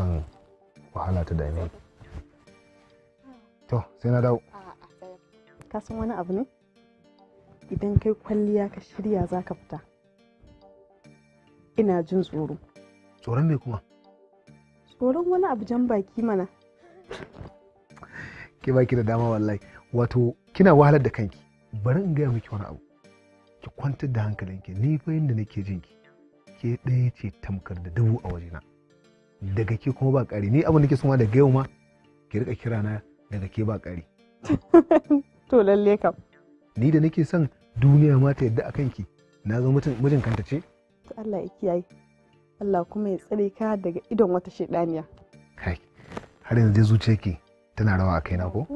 son wahala ta dame ni to sai na dawo ka san wani abu ne idan kai kwalliya ka shirya za ka fita ina jin tsoro tsoron me kuma tsoron wani abu jan baki mana ke baki da dama wallahi wato kina wahalar da kanki bari in gaya miki wani abu ki kwantar da hankalinki ni fa yadda nake jinki ke ɗaya ce tamkar da dubu a wajena daga ke kuma ba ƙari ni abin da ke suma da gaiwa ma ki rika kira na daga ke ba ƙari to lalle kam ni da nake son duniya ma ta yadda akan ki na zo mijin kanta ce to Allah ya kiyaye Allah kuma ya tsare ka daga idon wata shedaniya kai har yanzu dai ki tana rawa a kaina ko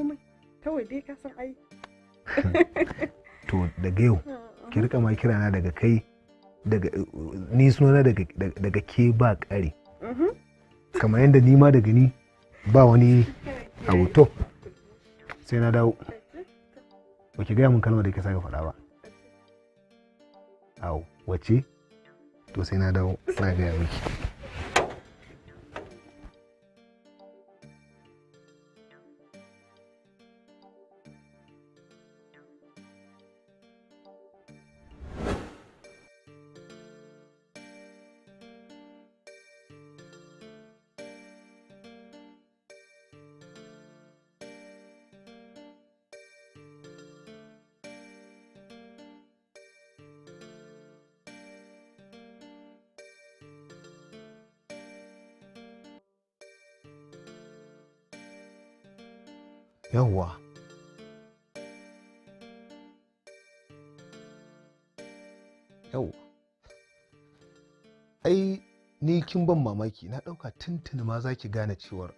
kawai dai ka san ai to daga yau uh-huh. ki rika ma kira na daga kai daga ni sunana daga ke ba ƙari mm-hmm. kamar yadda ni ma da gani ba wani abu to sai na dawo ba ki gaya min kalma da ke sake faɗa ba au wace to sai na dawo na gaya miki yawwa yawwa ai ni kin ban mamaki na ɗauka tuntuni ma za ki gane cewar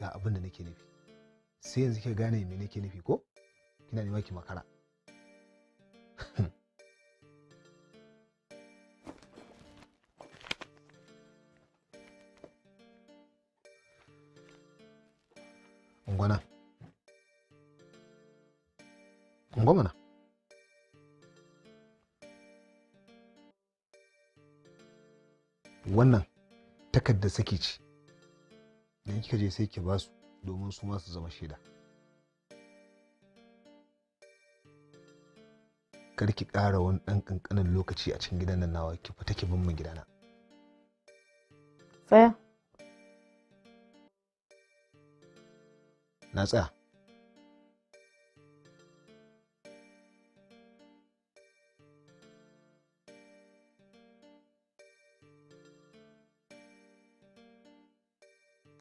ga abin da nake nufi sai yanzu ki gane me nake nufi ko kina nema ki makara wannan takarda saki ce idan kika je sai ki ba su domin su ma zama shaida kar ki ƙara wani ɗan ƙanƙanin lokaci a cikin gidan nan nawa ki fita ki bin mu gidana tsaya na tsaya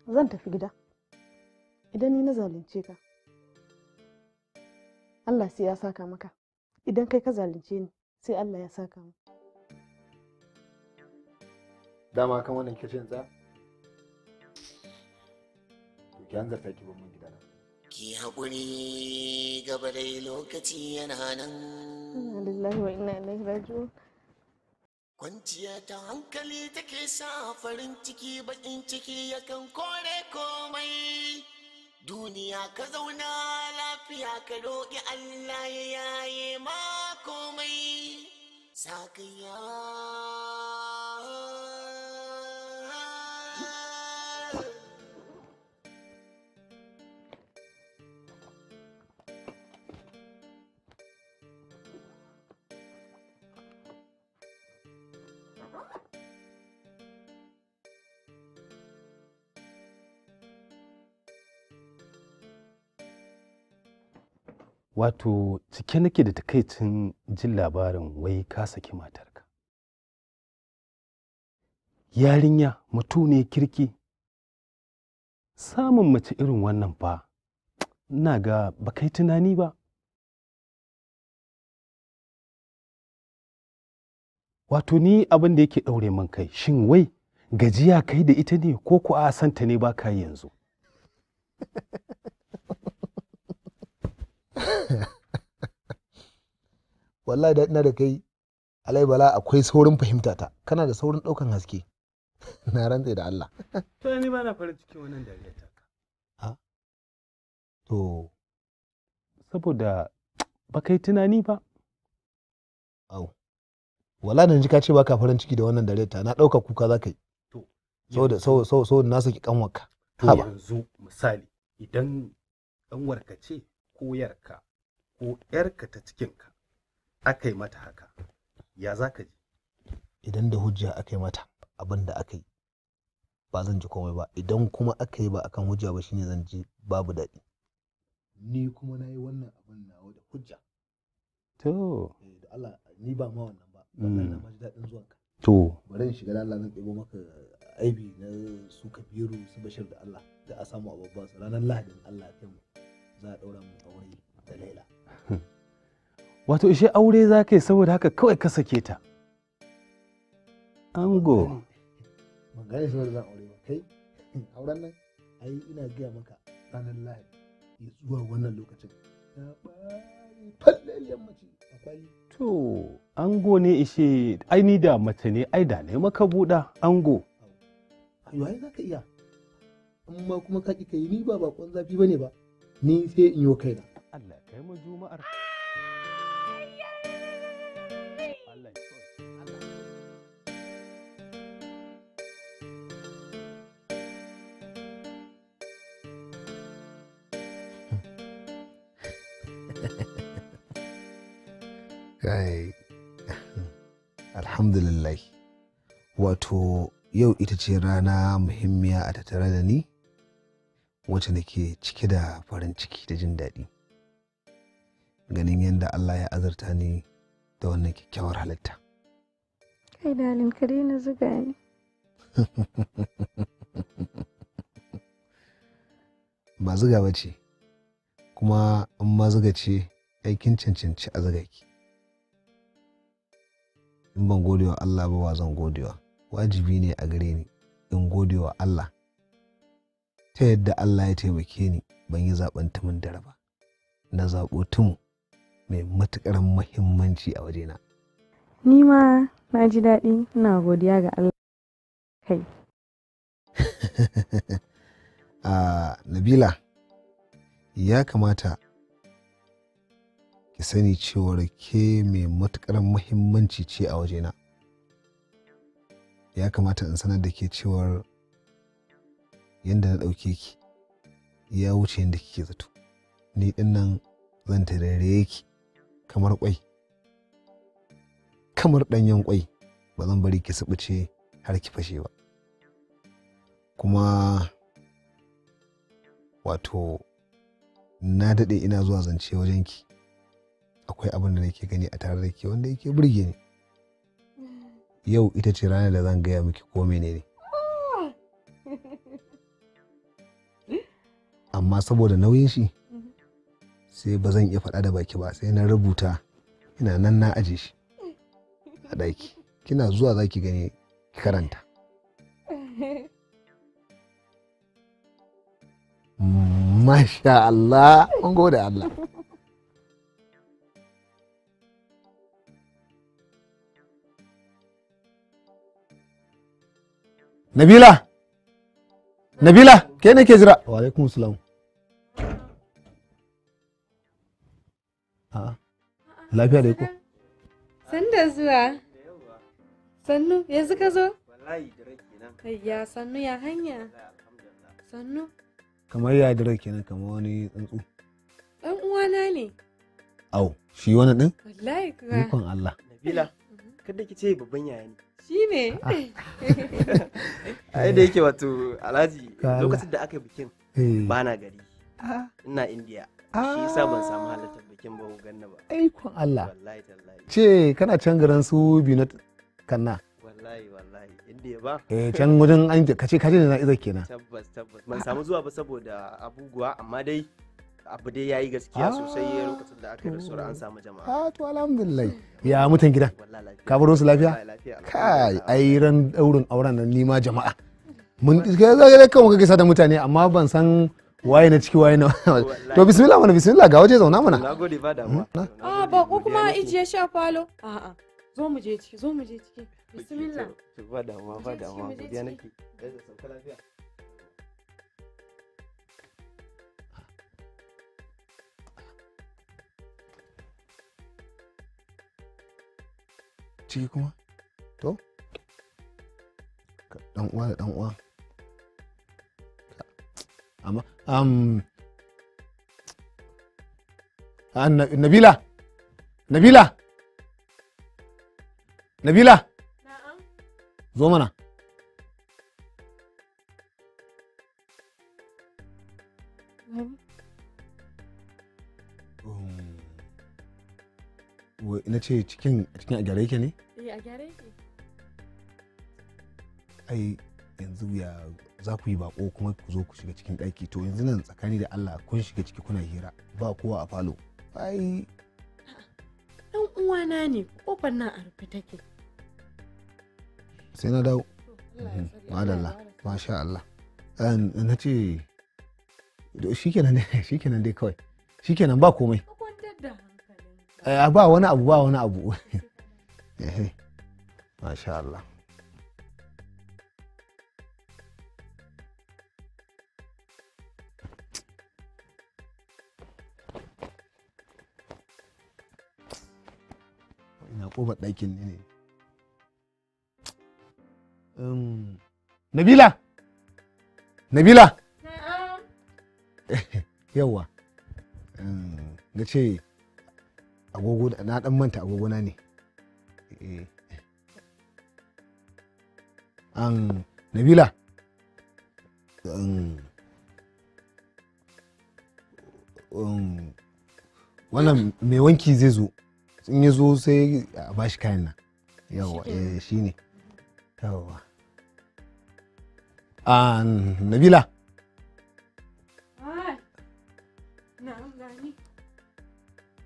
zan tafi gida idan ni na zalunce ka Allah sai ya saka maka idan kai ka zalunce ni sai Allah ya saka maka. dama kan wannan kicin za? to ki hanzarta ki ban gidana ki hakuri, gaba dai lokaci yana nan kwanciya ta hankali take sa farin ciki bakin ciki yakan kore komai duniya ka zauna lafiya ka roƙi allah ya yaye ma komai sakayya Wato cike nake da takaicin jin labarin wai ka saki matarka. Yarinya mutu ne kirki. Samun mace irin wannan fa, ina ga bakai tunani ba. Wato ni abin da yake ɗaure man kai, shin wai gajiya kai da ita ne ko ku a santa ne ba ka yanzu? wallahi da ina da kai alai bala akwai saurin fahimta ta kana da saurin daukan haske na rantsa da Allah to ni ba na farin cikin wannan dariya ta ha to saboda ba kai tunani ba au wala da ji ka ce baka farin ciki da wannan dariya ta na dauka kuka za ka yi saboda saboda na saki kanwarka to yanzu misali idan kanwarka ce ɗauko ko yarka ta cikinka aka yi mata haka ya za ka ji idan da hujja aka yi mata abin da aka yi ba zan ji komai ba idan kuma aka yi ba akan hujja ba shine zan ji babu daɗi ni kuma na yi wannan abin nawa da hujja to eh, da Allah ni ba ma wannan ba mm. wannan na ma ji daɗin zuwanka to bari in shiga Allah zan ɗebo maka aibi na su kabiru su bashir da Allah da a samu a babban ranar lahadin Allah ya kai mu za a ɗaura mu aure da laila wato ishe aure za ka yi saboda haka kawai ka sake ta ango ba gane shi wanda zan aure ba kai auren nan ai ina gaya maka ranar lahi zuwa wannan lokacin ya bari fallon yammaci a kwali to ango ne ishe ai ni da mace ne ai da ne maka buɗa ango ayo ai za ka iya amma kuma ka ki ka yi ni ba bakon zafi ba ne ba ni sai in yi kaina Allah kai mu juma'ar kai alhamdulillah wato yau ita ce rana muhimmiya a tattare da ni wacce nake cike da farin ciki da jin daɗi ganin yadda Allah ya azurta ni da wannan kyakkyawar halitta kai dalin ka daina zuga ni ba zuga ba ce kuma in ma zuga ce aikin cancanci a zuga ki in ban godewa Allah ba wa zan godewa wajibi ne a gare ni in godewa Allah ta yadda Allah ya taimake ni ban yi zaɓen tumin dare ba na zaɓo tum mai matuƙar muhimmanci a wajena ni ma na ji daɗi ina godiya ga Allah kai a ah, Nabila ya kamata ki sani cewar ke mai matuƙar muhimmanci ce a wajena ya kamata in sanar da ke cewar yadda na ɗauke ki ya wuce yadda kike zato ni ɗin nan zan tarare ki kamar ƙwai kamar ɗanyen ƙwai ba zan bari ki subuce har ki fashe ba kuma wato na daɗe ina zuwa zance wajen ki akwai abin da nake gani a tare da ki, wanda yake burge ni mm. yau ita ce ranar da zan gaya miki ko menene amma saboda nauyin shi mhm. sai ba zan iya faɗa da baki ba sai na rubuta ina nan na aje shi a ɗaki kina zuwa za ki gani ki karanta masha Allah an gode Allah Nabila Nabila ke ne ke jira wa alaikum salam lafiya da ko sanda zuwa sannu yanzu ka zo kai ya sannu ya hanya sannu kamar ya dare kenan kamar wani tsuntsu dan uwana ne au shi wani din wallahi kuwa Allah nabila mhm. kada ki ce babban yaya ne shi ne ah. ai da yake wato alhaji lokacin da aka yi bikin eh. ba na gari ah. ina ah. shi yasa ban samu cikin ba ganna ba aikon Allah ce kana can garin su biyu na kanna wallahi wallahi inda ya ba eh can wajen an ka ce kace da na'izar kenan tabbas tabbas ban samu zuwa ba saboda abubuwa amma dai abu dai yayi gaskiya sosai ya lokacin da aka rasu an samu jama'a Ah to alhamdulillah ya mutan gidan ka baro su lafiya kai ai ran daurin auren nan nima jama'a mun ga kan kake sa da mutane amma ban san waye na ciki waye na to bismillah mana bismillah ga waje zauna mana nagode hmm? ah, ba da a ba ko kuma ya sha falo a'a zo mu je ciki zo mu je ciki bismillah ba da ma ba da ma biya nake ciki kuma to dan uwa da dan uwa amma um, nabila nabila nabila zo mana um, na ce cikin a gyara yake ne? Eh, a gyara yake ai yanzu ya za ku yi bako kuma ku zo ku shiga cikin ɗaki to yanzu nan tsakani da Allah kun shiga ciki kuna hira ba kowa a falo ai dan uwana ne kofar nan a rufe take sai na dawo mhm. madalla masha Allah na ce shikenan dai shikenan dai kawai shikenan ba komai eh, ba wani abu ba wani abu eh, masha Allah kofar ɗakin ne nabila nabila yawa na ce agogo na dan manta agogona ne an eh. nabila wannan mai wanki zai zo in ya zo sai a shi kayan nan yawa eh shine yawa a nabila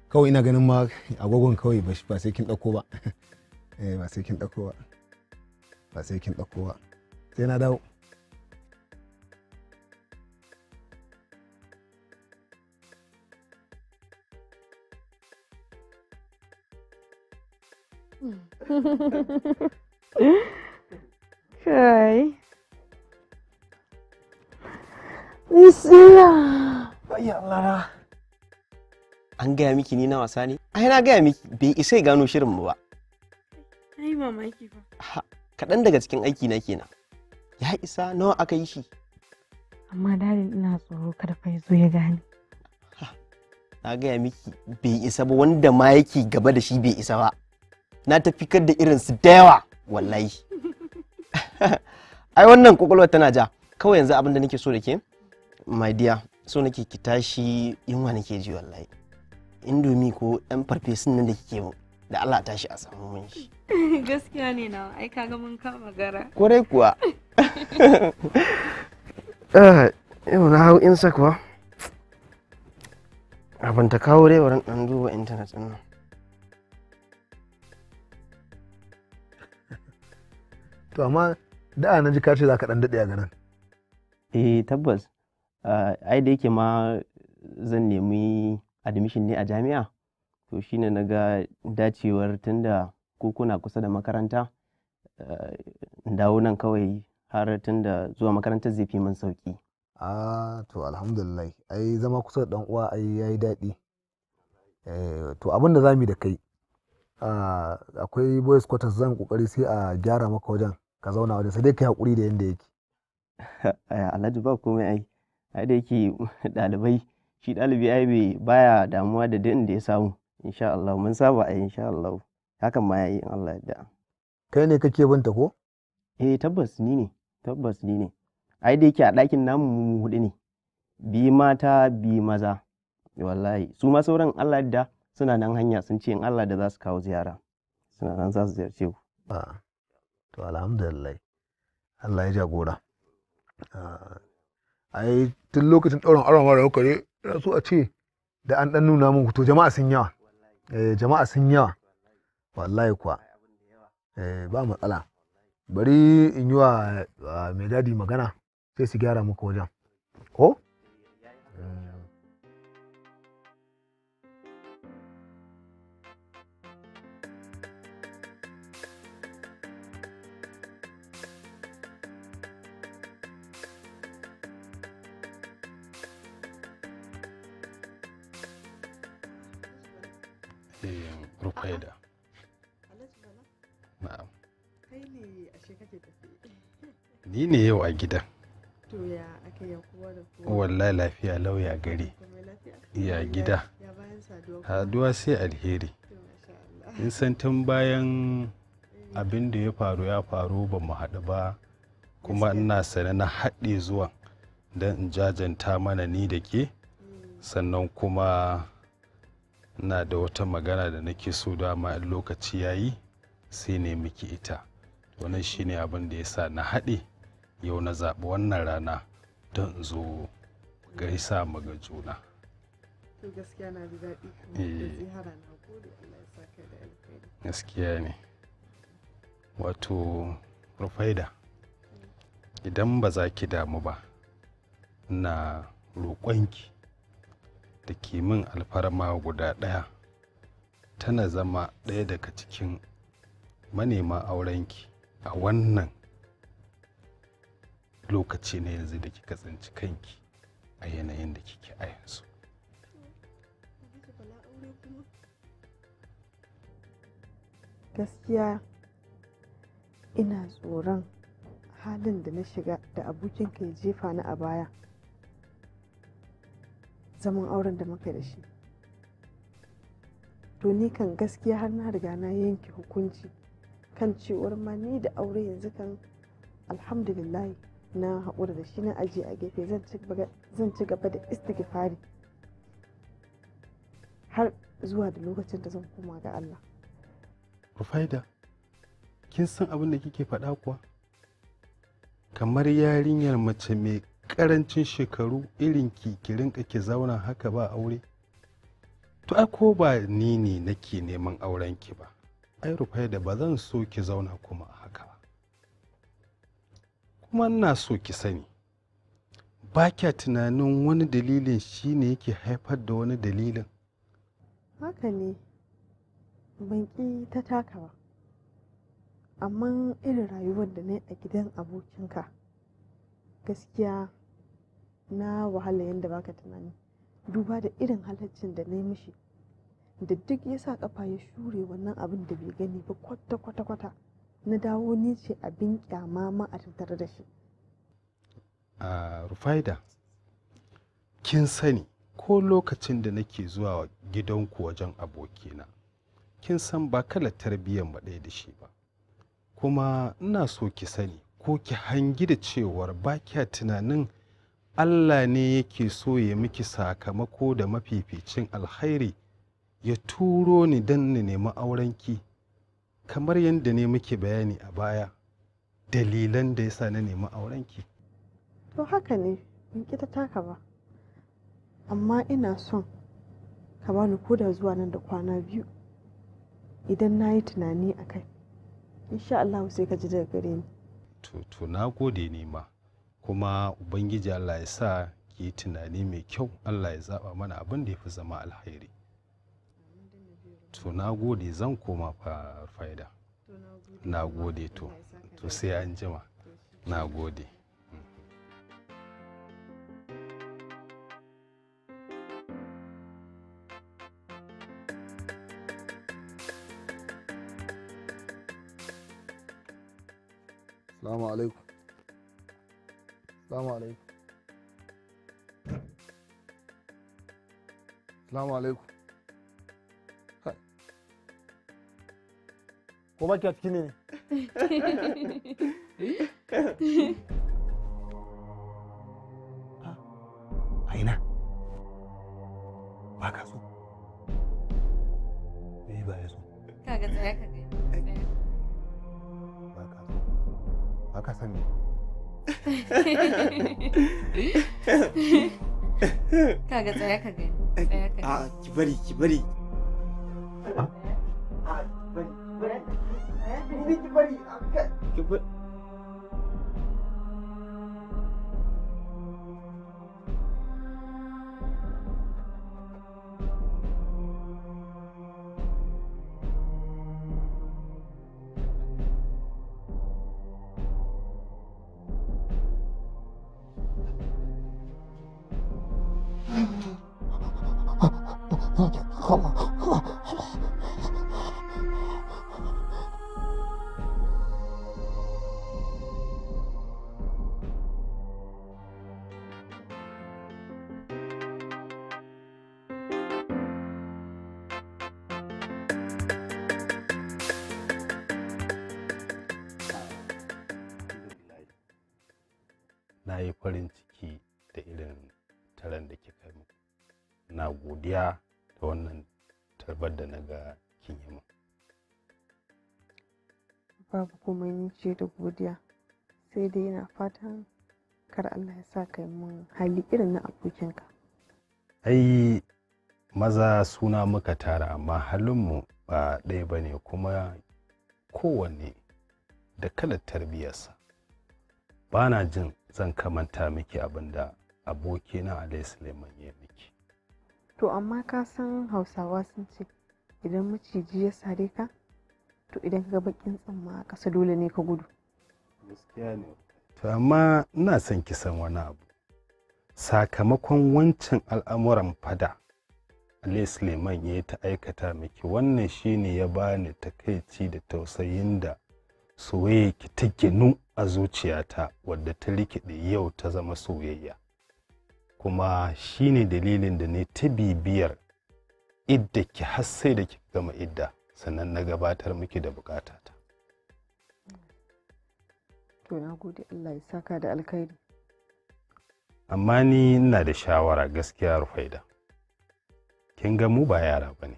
kawai ina ganin ma agogon kawai ba sai kin ɗauko ba eh, ba sai kin ɗauko ba ba sai kin ɗauko ba sai na dawo Okay. Isiya! Ayya An gaya miki ni na wasa ne? Ai na gaya miki bai isa gano shirin mu ba. Ai mamaki ba. Ha, kaɗan daga cikin aiki na kenan. Ya isa nawa aka yi shi? Amma dalin ina tsoro kada fa yazo ya gane. Na gaya miki bai isa ba wanda ma yake gaba da shi bai isa ba. na fikar da irin su da yawa wallahi ai wannan kwakwalwar tana ja kawai yanzu abin da nake so da ke my dear so nake ki tashi yunwa nake ji wallahi indomi ko yan farfesun nan da kike mu da Allah tashi a samu mun shi gaskiya ne na ai kaga mun kama gara kwarai kuwa ah, yau na hau insa kuwa abin ta kawo dai ɗan dan duba intanet din nan to amma da na ji kace ce za ka ɗan daɗe a garin eh tabbas ai da yake ma zan nemi admission ne a jami'a to shine na ga dacewar tunda ko kuna kusa da makaranta dawo nan kawai har tunda zuwa makarantar zai fi min sauki ah to alhamdulillah ai zama kusa da uwa ai yayi daɗi eh, to abin da zamu da kai akwai boys quarters zan kokari sai a gyara maka wajen ka zauna wajen sai dai kai hakuri da yanda yake alhaji ba komai ai ai da yake dalibai shi ɗalibi ai bai baya damuwa da din da ya samu insha Allah mun saba ai insha Allah hakan ma yayi in Allah da kai ne kake binta ko eh tabbas ni ne tabbas ni ne ai da yake a ɗakin namu mu hudu ne bi mata bi maza wallahi su ma sauran Allah da suna nan hanya sun ce in Allah da za su kawo ziyara suna nan za su ziyarce ku to alhamdulillah Allah ya jagora ah, ai tun lokacin ɗaurin aron mara kare ina so a ce da an ɗan nuna mun to jama'a sun yawa eh, jama'a sun yawa wallahi kuwa eh ba matsala bari in yi wa ah, mai dadi magana sai su gyara muku wajen ko eh. faida ni ne yau a gidan wallahi lafiya lauya gari ya gida haduwa sai alheri in san tun bayan eh. abin da ya faru ya faru ba mu haɗu ba kuma ina sane na haɗe zuwa don in jajanta mana ni da ke mm. sannan kuma na da wata magana da nake so dama in lokaci ya yi sai ne miki ita wannan shine abin da ya sa na haɗe yau na zaɓi wannan rana don in zo gaisa maga juna gaskiya ne wato rufaida idan ba za ki damu ba na roƙonki da ke min alfarma guda ɗaya tana zama ɗaya daga cikin manema aurenki a wannan lokaci na yanzu da kika tsinci kanki a yanayin da kike a yanzu gaskiya ina tsoron halin da na shiga da abokinka ya jefa ni a baya zaman auren da muka da shi to ni kan gaskiya har na riga na yanke hukunci kan cewar ma ni da aure yanzu kan alhamdulillah na haƙura da shi na aji a gefe zan ci gaba da istighfari har zuwa da lokacin da zan koma ga Allah. Rufaida, kin san abin da kike faɗa kuwa? Kamar yarinyar mace mai karancin shekaru irin ki ki rinka ki zauna haka ba aure to ai ko ba ni ne nake neman auren ki ba ai rufai da ba zan so ki zauna kuma haka ba kuma ina so ki sani ba kya tunanin wani dalilin shi ne yake haifar da wani dalilin haka ne ban ƙi ta taka ba amma irin rayuwar da na a gidan abokinka gaskiya na wahala yadda baka tunani duba da irin halaccin da na yi mishi da duk ya sa kafa ya shure wannan abin da bai gani ba kwata kwata kwata na dawo ni ce abin kyama ma a tattare da shi a rufaida kin sani ko lokacin da nake zuwa gidanku wajen abokina kin san ba kala tarbiyyar ba ɗaya da shi ba kuma ina so ki sani ko ki hangi da cewar ba kya tunanin Allah ne yake so ya miki sakamako da mafificin alkhairi ya turo ni don ni nemi aurenki kamar yadda ne muke bayani a baya dalilan da yasa na nemi aurenki to haka ne in kita taka ba amma ina son ka bani koda zuwa nan da kwana biyu idan na yi tunani a kai insha Allah sai ka ji daga gare ni to, na gode ne ma kuma ubangiji allah ya sa ki yi tunani mai kyau allah ya zaba mana abin da ya fi zama alheri to na gode zan koma fa'ida na gode to to sai an jima na gode Salamu alaikum. Salamu ne? 약하게 저 약하게 저 약하게 아 기발이 기발이 da na ga kin babu komai ni ce da godiya sai dai yana fatan kar Allah ya sa kai mun hali irin na abokinka ai maza suna muka tara amma halin mu ba ɗaya ba ne kuma kowanne da kalar tarbiyyarsa ba na jin zan kamanta miki abin da abokina alai suleiman ya To amma ka san Hausawa sun ce idan maciji ya sare ka to idan ka bakin tsamma a ƙasa dole ne ka gudu. Gaskiya ne. To amma ina son kisan wani abu. Sakamakon wancan al'amuran fada Ali Suleiman ya yi ta aikata miki wannan shine ya bani takaici da tausayin da soyayya ki ta ginu a zuciyata wadda ta rikide yau ta zama soyayya. kuma shine dalilin da ne ta bibiyar idda ki har sai da ki gama idda sannan na gabatar miki da bukatata to na gode Allah ya saka da alkhairi amma ni ina da shawara gaskiya rufaida kin ga mu ba yara ba ne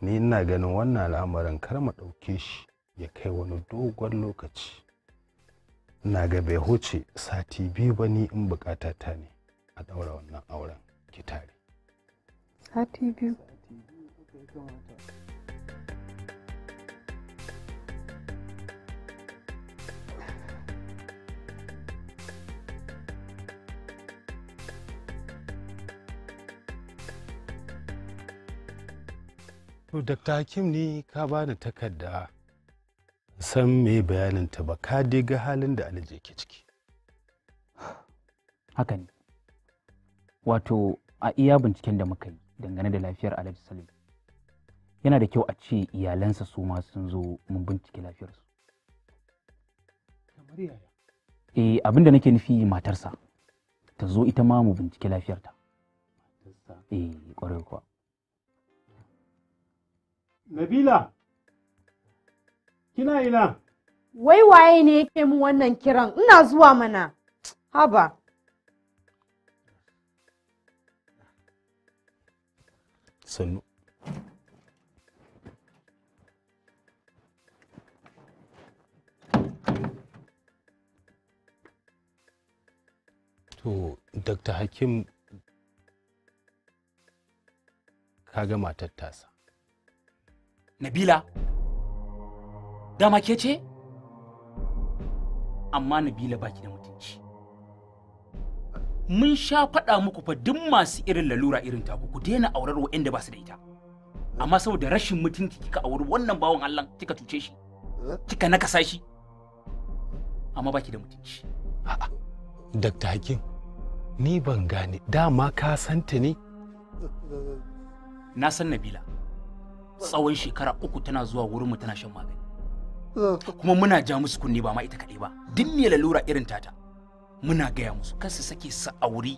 ni ina ganin wannan al'amarin kar mu ɗauke shi ya kai wani dogon lokaci ina ga bai huce sati biyu ba ni in ta ne a ɗaura wannan auren ki tare sati biyu To, Dr. Hakim ne ka bani takarda san me bayaninta ba, ka dai ga halin da alije ke ciki. Haka ne. wato a iya binciken da muka yi dangane da lafiyar alhaji salim yana da kyau a ce iyalansa su ma sun zo mun bincike lafiyarsu eh abin da nake nufi matarsa ta zo ita ma mu bincike lafiyarta eh kwarai kuwa nabila kina ina wai waye ne yake mu wannan kiran ina zuwa mana haba sannu to dr hakim ka ga matattasa. nabila dama ke ce amma nabila baki da mun sha faɗa muku fa duk masu irin lalura irin ta ku daina aurar waɗanda ba su da ita amma saboda rashin mutunci kika auri wannan bawan Allah kika tuce shi kika nakasa shi amma baki da mutunci a'a Dr. Hakim ni ban gane dama ka san ta ne na san Nabila tsawon shekara uku tana zuwa wurin mu tana shan magani kuma muna ja musu kunni ba ma ita kaɗai ba duk lalura irin tata muna gaya musu su sake su auri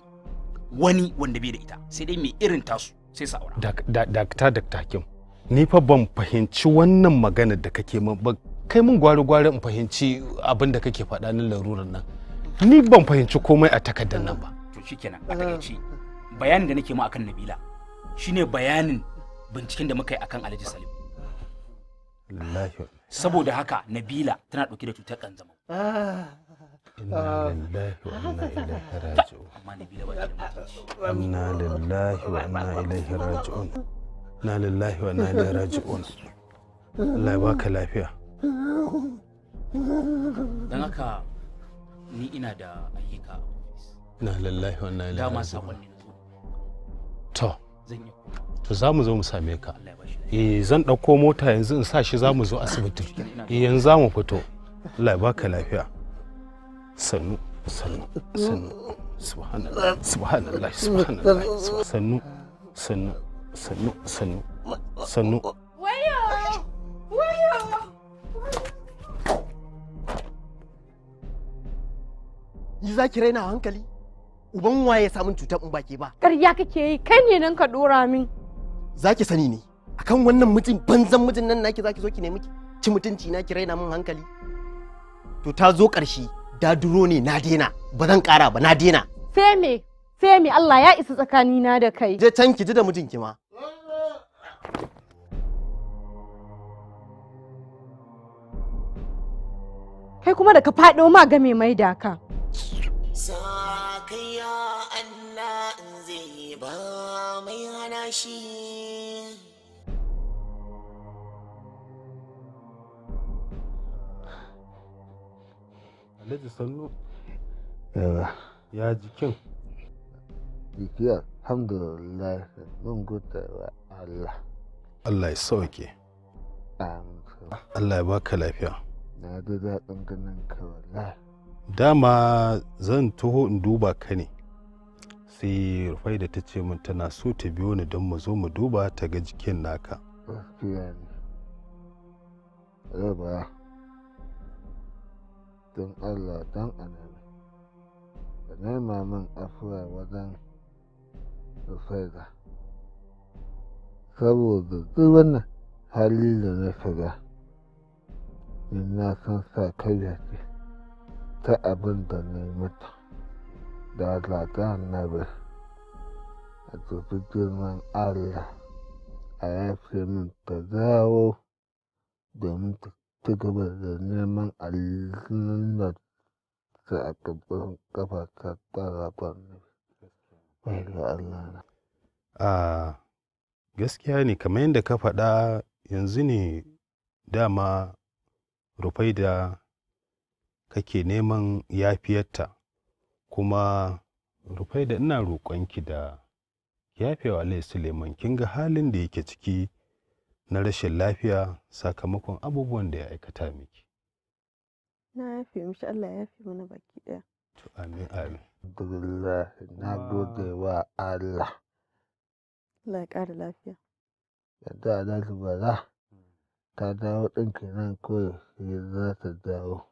wani wanda bai da ita sai dai mai irin tasu sai su aura dakta dakta hakim ni fa ban fahimci wannan magana da kake min ba kai mun gwari gwari in fahimci abin da kake faɗa nan larurar nan ni ban fahimci komai a takardar nan ba to shikenan a takaice bayanin da nake ma akan Nabila shine bayanin binciken da muka yi akan Alhaji Salim saboda haka Nabila tana ɗauke da cutar kanjamau ah. inna ah. lillahi wa inna ilaihi raji'un inna lillahi wa inna ilaihi raji'un inna lillahi wa inna ilaihi raji'un Allah ya baka lafiya dan haka ni ina da ayyuka inna lillahi wa inna ilaihi dama to zan yi to zamu zo mu same ka eh zan ɗauko mota yanzu in sa shi zamu zo asibiti eh, yanzu za mu fito Allah ya baka lafiya sannu sannu sannu subhanallah subhanallah subhanallah sannu sannu sannu sannu sannu wayo wayo ni za ki raina hankali uban waye ya samun cutar in baki ba ƙarya kake yi kai ne nan ka dora min za ki sani ne akan wannan mutum banzan mutum nan naki za ki zo ki nemi ki mutunci na ki raina min hankali to ta zo ƙarshe daduro ne na dena ba zan kara ba na dena sai me sai me Allah ya isa tsakanina da kai je can ki ji da mijinki ma kai kuma da ka faɗo ma ga mai mai da ka Allah In zai ba mai hana shi alhaji sannu ya jikin jikiya alhamdulillah mun gode wa Allah Allah ya sauke Allah ya baka lafiya na ji daɗin ganin ka wallahi dama zan taho in duba ka ne sai rufai da ta ce min tana so ta biyo ni don mu zo mu duba ta ga jikin naka. Gaskiya don Allah don annabi ka nema min afuwa wajen rufaida saboda duk wannan hali da na shiga in na san sa kai ce ta abin da na yi mata da Allah na annabi a tafi girman Allah a yafe min ta dawo domin ta ci gaba da neman ta a gaban kafa ta ƙarafar ga Allah na. A gaskiya ne kamar yadda ka faɗa yanzu ne dama rufai da kake neman yafiyarta kuma rufai da ina roƙonki da yafewa Alayhi Suleiman kin ga halin da yake ciki na rashin lafiya sakamakon abubuwan da ya aikata miki. Na yafi mishi Allah ya yafi mana baki ɗaya. To amin amin. Alhamdulillah na gode wa Allah. Allah ya ƙara lafiya. Yadda Bala ta dawo ɗin kenan kawai za ta dawo.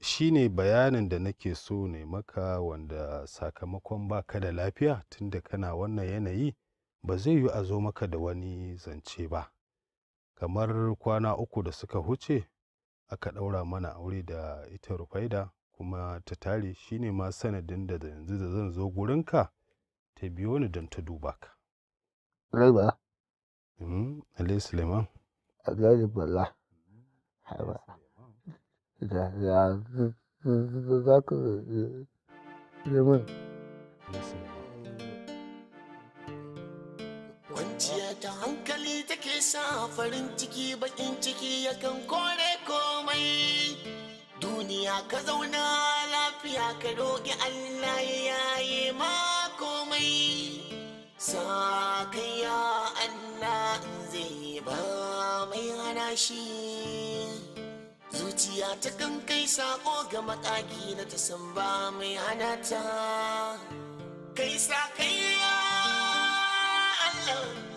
Shi ne bayanin da nake so ne maka wanda sakamakon baka da lafiya tunda kana wannan yanayi ba zai yi a zo maka da wani zance ba. kamar kwana uku da suka huce aka ɗaura mana aure da ita rufaida kuma ta tare shine ma sanadin da yanzu da zan zo gurinka ta biyo ni don ta duba ka. Raiba. Mm-hmm. Suleiman. Bala. Haiba. ya za Kwanciya ta hankali ta sa farin ciki bakin ciki yakan kore komai duniya ka zauna lafiya ka roƙi allah ya yi ma komai sa kai ya allah zai ba mai hana shi zuciya ta kan kai sako ga mataki na ta san ba mai hana ta kai sa kai ya allah